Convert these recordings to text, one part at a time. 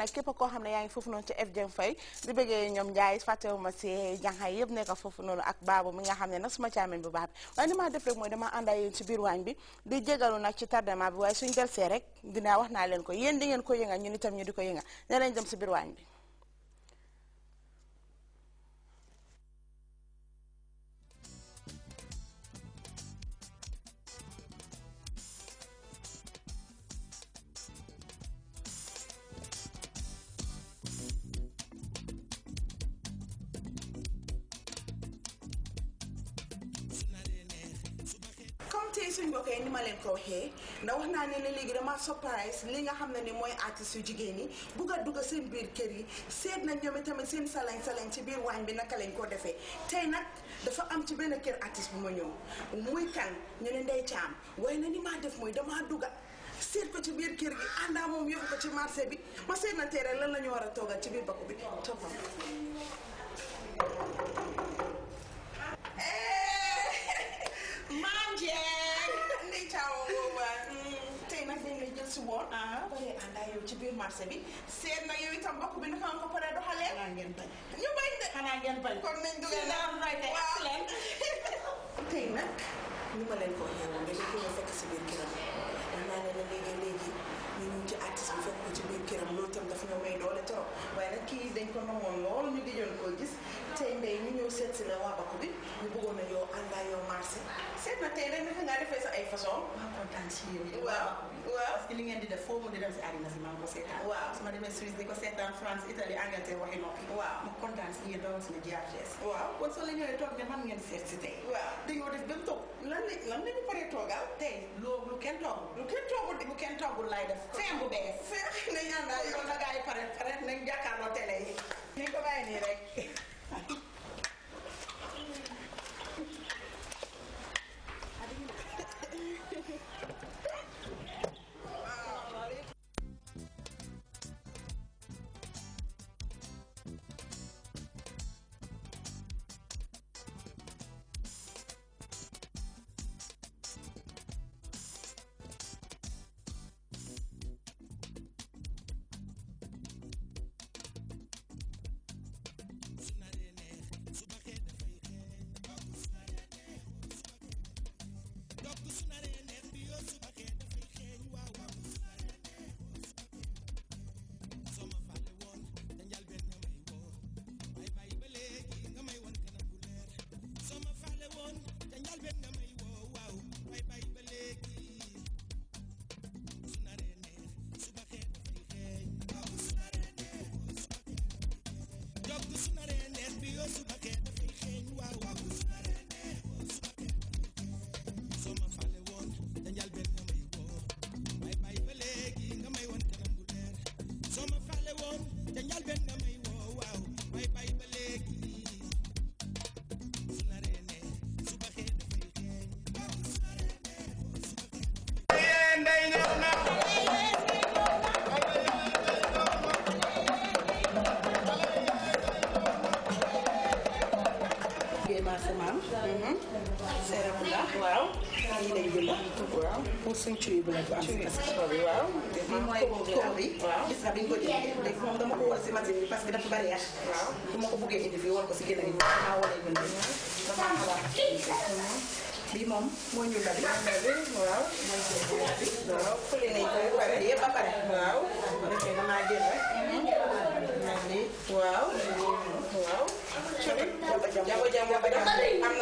nag képp koo xam ne yaa ngi foofu noonu ci FDM Faye di bëggee ñoom Ndiaye fàttewuma si jànxay yëpp nekk foofu noonu ak baabu mi nga xam ne nag suma caamen bu baax bi waaye ni ma def rek mooy dama ànda yéen biir waañ bi di jégalu nag ci tardement bi waaye suñ delsee rek dinaa wax naa leen ko yéen di ngeen ko yënga ñun itam ñu di ko yënga ne leen dem si biir waañ bi suñ mbokk yi ni ma leen ko waxee ndax wax naa ne ne léegi dama surprise li nga xam ne ni mooy artistes yu jigéen yi bugg a dugg seen biir kër yi seet nañ ñoom itamit seen salañ salañ ci biir waañ bi naka lañ koo defee tey nag dafa am ci benn kër artiste bu ma ñëw muy kan ñu ne ndey caam waaye na ni maa def mooy damaa dugga seet ko ci biir kër gi àndaa moom yóbbu ko ci marché bi ma seet na tey lan la ñu war a toogal ci biir bakku bi toppam su woon ah baree àndaa yow ci biir marché bi seet na yow itam mbokk bi am nga ko paree doxalee xanaa ngeen bañ ñu bañ de xanaa ngeen bañ kon nañ dugal na am ma leen ko si biir këram dax naa leen léegi léegi ñu ñu ci ci biir këram loolu tam daf ñoo may doole trop waaye nag kii dañ ko namoon lool ñu gëjoon koo gis tey ndey ñu ñëw seet si la waa bakku bi ñu bëggoon na yow ànd ak yow marché seet na tey rek nga defee sa ay façon kontaan si yow waaw li ngeen di def foo mu di dem si àddina si maa ngi ko seetaan di ko seetaan France Italie Angleterre waxi noppi waaw ma kontaan si yéen doon si na GRTS waaw kon soo la ñëwee toog ne man ngeen seet si tey waaw dañoo def ba mu toog lan la lan la ñu paree toogal tey loolu kenn toog lu kenn toogul bu kenn toogul laay def fin bu bees fin nañ àndaa yow na gars yi pare pare nañ jàkkaarloo Wow, wow, ya, wow lay bind. wow pour suñ cuy bu wow bu am si wow bi waaw. bii mooy kóob bi waaw gis nga bi ñu ko jëlee léegi moom wow ko war si machine bi parce mhm. que dafa wow yàq. waaw bu ma ko buggee wow fii war Wow, Wow, bi. wow mooy kóob bi. waaw fële wow wow, ba pare yëpp wow wow waaw.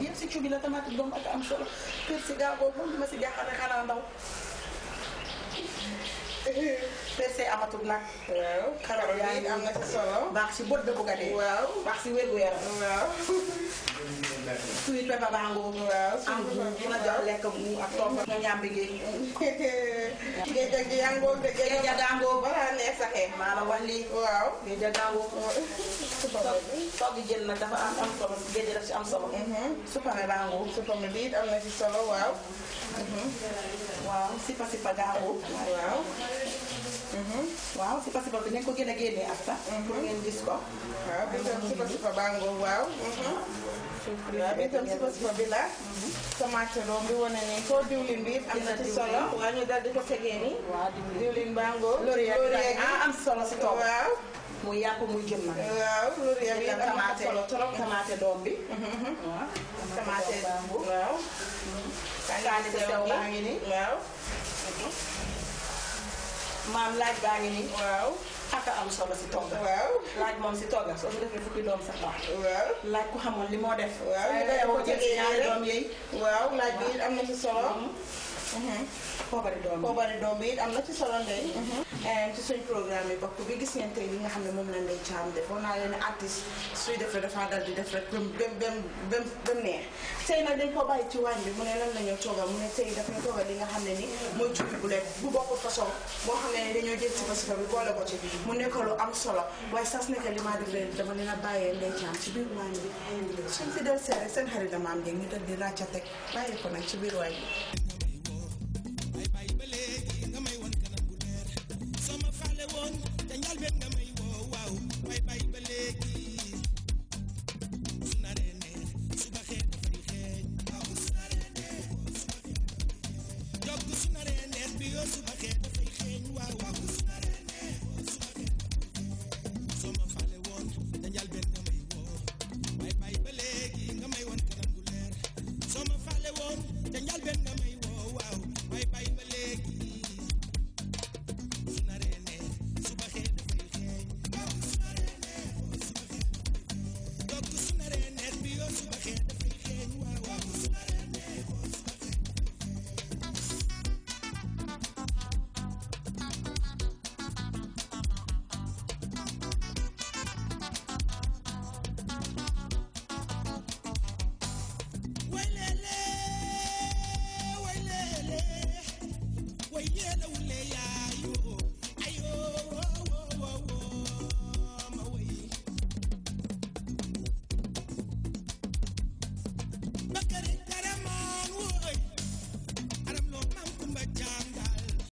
bien si cubi la tamaate doom ak am solo kër si gaa boobu moom ma si jaaxale xanaa ndaw percé amatul nag. waaw xarala yaa ngi am na ci solo. baax si bët dëgg ko dee. waaw baax si wér gu yaram. waaw. suñu pepa waaw suñu a jox lekk mu ak toofa nga ñàmbi gi. géej ak yàngoo de géej a dàngoo balaa nee saxee maa la wax lii. waaw géej a dàngoo. toog jën nag dafa am am solo géej si am solo. supame baangu. supame bi it am na si solo waaw. Mm-hmm. waaw sipa sipa gaangu. waaw. Mhm. waaw sipa sipa bi nañ ko gën a génnee ak sax. Mhm. pour ngeen gis ko. waaw bi tam sipa sipa baa ngoog waaw. Mhm. waaw bi tam sipa sipa bi la. tomate doom bi wane ni ko diwlin bi am na ci solo. waaw ñu daal di ko tegee nii. waaw diwlin baa ngoog. laurier gi ah, am solo si kaw waaw. muy yàpp muy jëm na. waaw laurier bi am na solo trop tomate doom bi. waaw tomate waaw. kaani sew baa ngi nii waaw. maam laaj baa ngi nii. waaw ak a am solo si togg. waaw laaj moom si togg soo ko defee fukki doom sax baax. waaw laaj ku xamoon li moo def. waaw li ko jël ñaari doom yi. waaw laaj bi am na si solo. Mhm. poobari mm-hmm. doom bi poobari doom bi it am na ci solo ndey. Mm-hmm. Eh, ci suñ programme yi bokk bi gis ngeen tey li nga xam ne moom la Ndeye Thiam def foog naa leen artiste suy def rek dafa dal di def rek bam bam bam bam neex tey nag dañ ko bàyyi ci waañ bi mu ne lan la ñu toogal mu ne tey daf ñu toogal li nga xam ne ni mooy cubi bu lekk bu bokkul façon boo xam ne dañoo jël ci fasifa bi boole ko ci mu nekk lu am solo waaye sas nekk li maa def leen dama leen a bàyyee Ndeye Thiam ci biir waañ bi suñ fi del seere seen xarit dama am dég ñu dal di ràcca teg bàyyi ko nag ci biir waañ bi